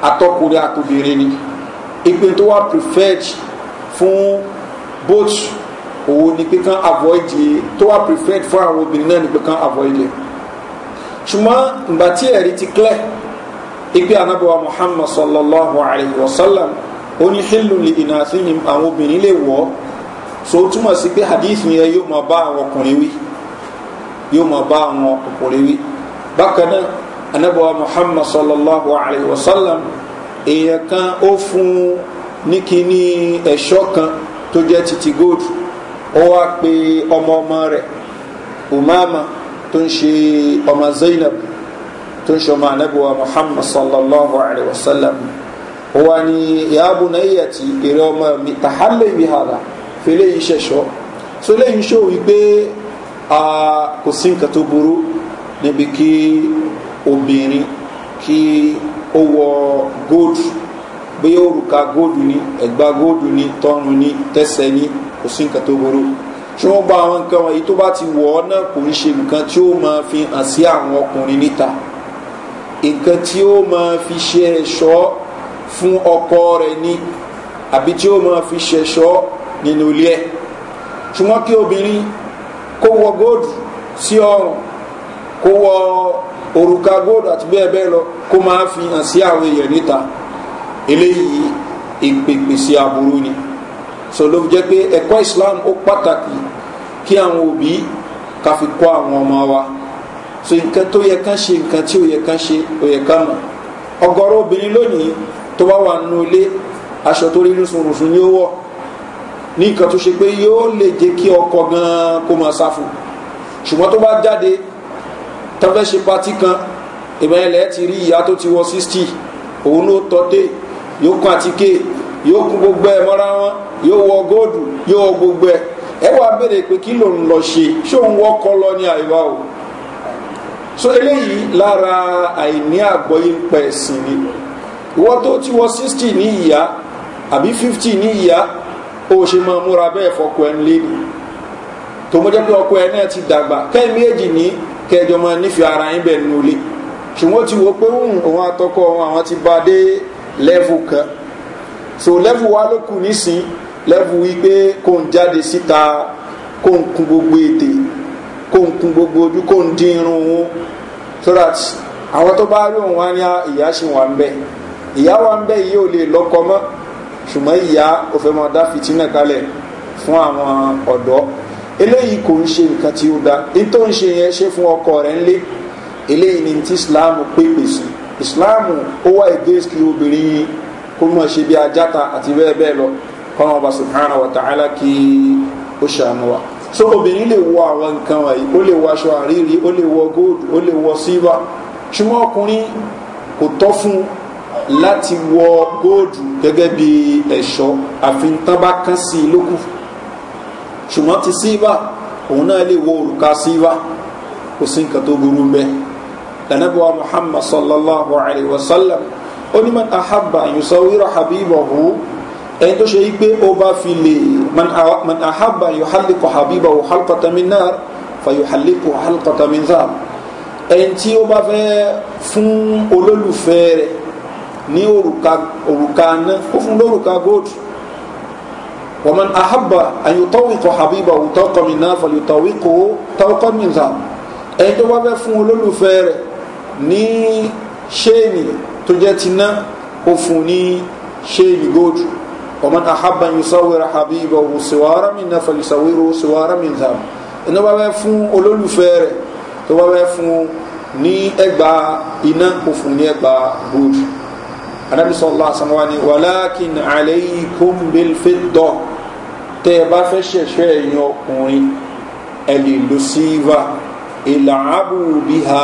atọ́kùnrin àtòbìnrin ni ìpín tó preferred fún both òun ni pé kán avoid e. tó preferred fún àwọn obìnrin náà ni pé kán avoid it e. ṣùgbọ́n ìgbà ti clear ipe anabuwa muhammad sallallahu alayhi wa sallam oníhìlù lè ìnà sí àwọn obìnrin lè wọ̀ ọ́ so ó túmọ̀ sí pé hadith yẹn yóò máa bá àwọn ọkùnrin wí yóò máa bá àwọn ọkùnrin wí bákan náà anabawa muhammad sallallahu alayhi wa sallam èèyàn kan ó fún ní kíní ẹ̀ṣọ́ kan tó jẹ́ titi gold ó wá pe ọmọ ọmọ rẹ̀ umama tó ń ṣe ọmọ zainab tó ń ṣe ọmọ anabawa muhammad sallallahu alayhi wa sallam ó wá ní yaabu nayyati èrè ọmọ mi tàhálẹ̀ ibi hàdà fèlè yìí ṣẹ̀ṣọ́ so léyìn ṣó wípé kò sí nǹkan tó burú níbi kí obìnrin kí ó wọ góòdù bóyá òrùka góòdù ni ẹ̀gbá góòdù ni tọ́run ni tẹ́sẹ̀ ni kò sí nǹkan tó burú tí wọ́n gba àwọn nǹkan wọ̀nyí tó bá ti wọ̀ ọ́ náà kò ń ṣe nǹkan tí ó máa fi hàn sí àwọn ọkùnrin níta nǹkan tí ó máa fi ṣe ẹ̀ṣọ́ fún ọkọ rẹ̀ ni àbí tí ó máa fi ṣẹ̀ṣọ́ nínú ilé ẹ̀ ṣùgbọ́n kí obìnrin kó wọ gold sí ọrùn kó wọ òrùka gold àti bẹ́ẹ̀ bẹ́ẹ̀ lọ kó máa fi hàn sí àwọn èèyàn níta eléyìí ìpèpè sí ni sọ ló jẹ́ pé ẹ̀kọ́ islam ó pàtàkì kí àwọn òbí ká fi kọ́ àwọn ọmọ wa so nǹkan tó yẹ kán ṣe nǹkan tí ò yẹ kán ṣe ò yẹ kán mọ̀ ọgọ́rọ̀ obìnrin lónìí tó bá wà nínú ilé aṣọ tó rí lùsùnrùsùn ni ó wọ̀ ní nǹkan tó ṣe pé yóò lè jẹ́ kí ọkọ̀ gan-an kó máa sá fún ṣùgbọ́n tó bá jáde tán fẹ́ ṣe patí kan ìbẹ̀yẹlẹ̀ ti rí ìyá tó ti wọ 60 òun ló tọ́tẹ́ yóò kún àtíkè yóò kún gbogbo ẹ̀ mọ́ra wọn yóò wọ góòdù yóò wọ gbogbo ẹ̀ ẹ wàá béèrè pé kí ló ń lọ ṣe ṣé òun wọ́kọ́ lọ ní àìwá o so eléyìí lára àìní àgbọ́yé ń pẹ̀ sí ni ìwọ́n tó ti wọ 60 ní ìyá àbí 50 ní ìyá ó ṣe máa múra bẹ́ẹ̀ fọkọ ẹnu léde tó mọ́ jẹ́ pé ọkọ ẹ náà ti dàgbà kẹ́yìn méjì ní kẹjọ máa nífẹ̀ẹ́ ara yín bẹ́ẹ̀ nínú ilé ṣùgbọ́n ti wo pé òun àtọkọ àwọn ti ba dé lẹ́fù kan so lẹ́fù wa ló kù nísìn lẹ́fù wípé kò ń jáde síta kò ń kun gbogbo ètè kò ń kun gbogbo ojú kò ń dín irun òun so that àwọn tó bá rí òun wá ní ah, ìyá ṣì wà ń bẹ ìyá wa ń bẹ yìí ò lè lọ́kọ mọ́ ṣùgbọ́n ìyá ó fẹ́ máa dá fìtínà kalẹ̀ fún àwọn ọ̀dọ́ eléyìí kò ń ṣe nǹkan tí ó da ètò ń ṣe yẹn ṣe fún ọkọ rẹ̀ ńlé eléyìí ni ti islam pépè sí islam ó wà against kí obìnrin kó mọ̀ ṣe bí ajáta àti bẹ́ẹ̀ bẹ́ẹ̀ lọ kọ́nà ọba subhana wa ta'ala kí ó ṣàánú wa so obìnrin lè wọ àwọn nǹkan wọ̀nyí ó lè wọ aṣọ àríri ó lè wọ gold ó lè wọ silver ṣùgbọ́n ọkùnrin kò tọ́ fún un láti wọ góòdù gẹ́gẹ́ bí ẹ̀ṣọ́ àfi tán bá kán sí i lókù ṣùgbọ́n ti sílvà òun náà lè wọ òrùka sílvà kò sí nǹkan tó burú ń bẹ́ lànàbíwá muhammad sallallahu alayhi wa sallam onímọ̀ àhábà yusawira habibahu ẹni tó ṣe wípé ó bá fi lè man àhábà yuhalliku habibahu halkata min fa yuhalliku halkata ẹni tí ó bá fẹ́ fún olólùfẹ́ rẹ̀ ní òrùka òrùka ná ó fún lórùka gold wọ́n mọ̀ àhábà àyùtọ́wìkọ̀ àbíbà òtọ́kọ̀mí náà fọ̀lùtọ̀wìkọ̀ tọ́kọ̀mí náà ẹni tó wá fẹ́ fún olólùfẹ́ rẹ̀ ní ṣéènì tó jẹ́ ti ná ó fún ní ṣéènì gold wọ́n mọ̀ àhábà àyùsọ̀wìrà àbíbà òsèwárami náà fọ̀lùsọ̀wìrò òsèwárami náà ẹni wá fẹ́ fún olólùfẹ́ rẹ̀ tó wá fẹ́ fún ní ẹgbàá iná ó fún ní ẹgbàá gold anabi sọlá asanwa ni wàlákin aleikum bilfidọ tẹ ẹ bá fẹ ṣẹṣẹ ẹyin ọkùnrin ẹ lè lo silva ìlàábù bíha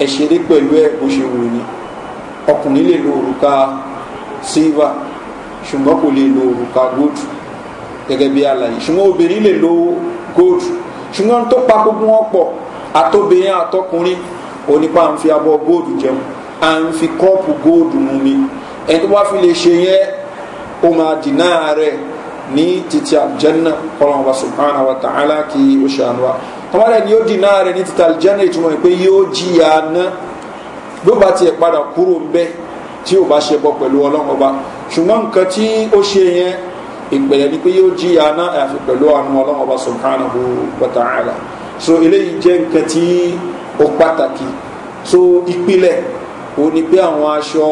ẹ ṣeré pẹ̀lú ẹ bó ṣe wù ní ọkùnrin lè lo òrùka silva ṣùgbọ́n kò lè lo òrùka gold gẹ́gẹ́ bí alaye ṣùgbọ́n obìnrin lè lo gold ṣùgbọ́n tó pa gbogbo à ń fi kọ́ọ̀pù góòdù mu mi ẹni tó bá fi lè ṣe yẹn ó máa dìnnà rẹ̀ ní títí àlùjẹ́nà ọlọ́run ọba subhanahu wa ta'ala kí ó ṣe àánú wa tọ́wọ́n rẹ̀ ni ó dìnnà rẹ̀ ní títí àlùjẹ́nà ìtumọ̀ pé yóò jìyà ná bí ó bá tiẹ̀ padà kúrò ń bẹ́ tí ò bá ṣe bọ́ pẹ̀lú ọlọ́run ọba ṣùgbọ́n nǹkan tí ó ṣe yẹn ìgbẹ̀yẹ̀ ni pé yóò jìyà ná àfi pẹ̀lú àánú ọlọ́run ọba subhanahu wa ta'ala so eléyìí jẹ́ nǹkan tí ó pàtàkì so ìpìlẹ̀ òun ni pé àwọn aṣọ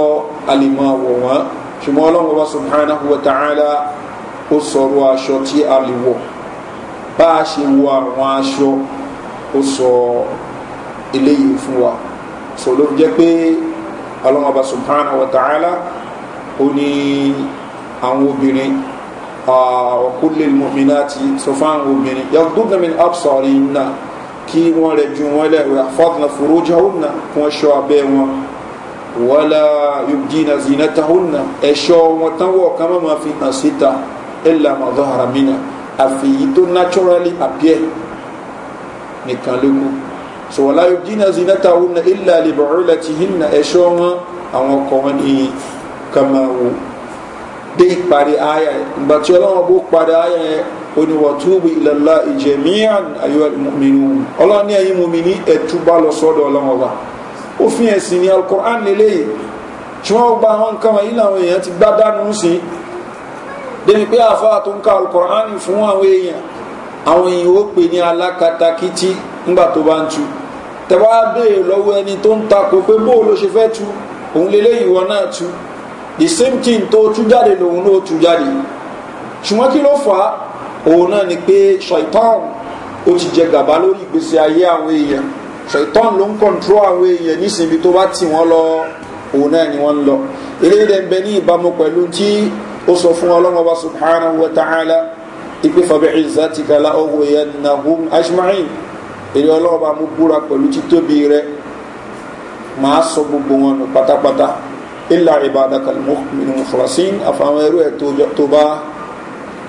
àlèmọ̀ àwọ̀ wọ́n ṣùgbọ́n ọlọ́run ọba subhana wa ta'ala ó sọ̀rọ̀ aṣọ tí a lè wọ̀ bá a ṣe wọ àwọn aṣọ ó sọ eléyìí fún wa sọ ló jẹ́ pé ọlọ́run ọba subhana wa ta'ala ó ní àwọn obìnrin ọkùnrin mọ̀mìnà ti sọ fún àwọn obìnrin yàgbọ́n mi absọ̀rin náà kí wọ́n rẹ̀ ju wọn lẹ̀ wẹ̀ fọ́tùnà fòrójà ó nà kí wọ́n abẹ́ wọn wala yubdina zinatahunna ẹ̀ṣọ́ wọn tán wọ̀ ká má máa fi hàn síta illa ma zahara mina àfìyí tó naturally appear nìkan ló kú so wala yubdina zinatahunna illa li bu'ulatihinna ẹ̀ṣọ́ wọn àwọn ọkọ̀ wọn ni ká máa wò dé ìparí ayà ẹ̀ ìgbà tí ọlọ́wọ́n bó parí ayà ẹ̀ oníwàtúbù ilallahi jami'an ayyuhal mu'minun ọlọ́ni ẹ̀yin mùmìnì ẹ̀túbà lọ sọ́dọ̀ ọlọ́wọ́n bá òfin ẹ̀sìn ni alukur'an lélẹ́yìí tí wọ́n gba àwọn nǹkan wọ̀nyí làwọn èèyàn ti gbá dánú sí débi pé àfáà tó ń ka alukur'an fún àwọn èèyàn àwọn èèyàn ó pè ní alákatakítí ńgbà tó bá ń tu tẹ̀wá béèrè lọ́wọ́ ẹni tó ń takò pé bóò ló ṣe fẹ́ tu òun lélẹ́yìí wọn náà tu the same thing tó tú jáde lòun ló tú jáde ṣùgbọ́n kí ló fà á òun náà ni pé ṣaitan ó ti jẹ gàba lórí ìgbésí ayé àwọn èèyàn ṣètọ́n ló ń kọ̀ǹtró àwọn èèyàn nísìnyí tó bá tì wọ́n lọ òun náà ni wọ́n ń lọ eléyìí dẹ̀ ń bẹ ní ìbámu pẹ̀lú tí ó sọ fún ọlọ́run ọba subhanahu wa ta'ala ipe fabi izati kala ọwọ yẹn na hum ajma'in èrè ọlọ́run ọba mú búra pẹ̀lú títóbi rẹ màá sọ gbogbo wọn nù pátápátá ilà ìbàdàkà minnu farasin àfàwọn ẹrú ẹ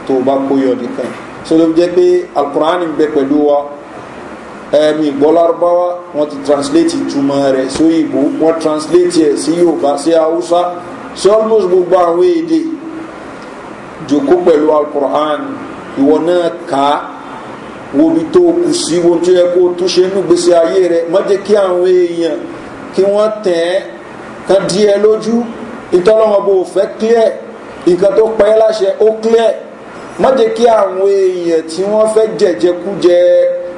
tó bá kóyọ nìkan so ló jẹ pé alukur'an bẹ pẹ̀lú wa ẹ̀mí ìgbọ́lárúbáwá wọ́n ti translate ìtumọ̀ rẹ̀ sí òyìnbó wọ́n translate ẹ̀ sí yorùbá sí haúsá sí almost gbogbo àwọn èdè jòkó pẹ̀lú alukur'an ìwọ náà kà á wobi tó kù sí wo tó yẹ kó tó ṣe nú gbèsè ayé rẹ má jẹ́ kí àwọn èèyàn kí wọ́n tẹ̀ ẹ́ kan díẹ̀ lójú ìtọ́lọ́mọbò fẹ́ clear nǹkan tó pẹ́ láṣẹ ó clear má kí àwọn èèyàn tí wọ́n fẹ́ jẹ̀jẹ̀kú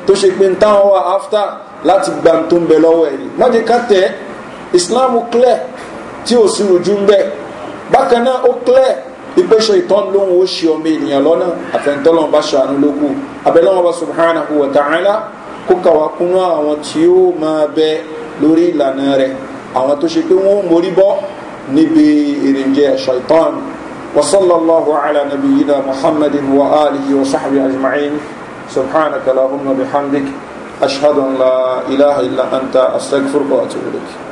tó ṣe pé táwọn wà áfítà láti gba tó ń bẹ lọ́wọ́ ẹ̀ ni májè ká tẹ̀ islam clear tí ò sí ojú ń bẹ̀ bákan náà ó clear ìpèsè ìtọ́n lóhun ó ṣe ọmọ ènìyàn lọ́nà àfẹnitọ́lọ́wọ́n bá ṣàánú lókù abẹ́lẹ́wọ̀n bá subhanahu wa ta'ala kó kàwá kúnú àwọn tí ó máa bẹ lórí ìlànà rẹ̀ àwọn tó ṣe pé wọ́n ó mórí bọ́ níbi èrìǹjẹ ṣàìtọ́n wasallallahu ala nabiyina muhammadin wa alihi wa sahbihi ajma'in سبحانك اللهم بحمدك أشهد أن لا إله إلا أنت أستغفرك وأتوب إليك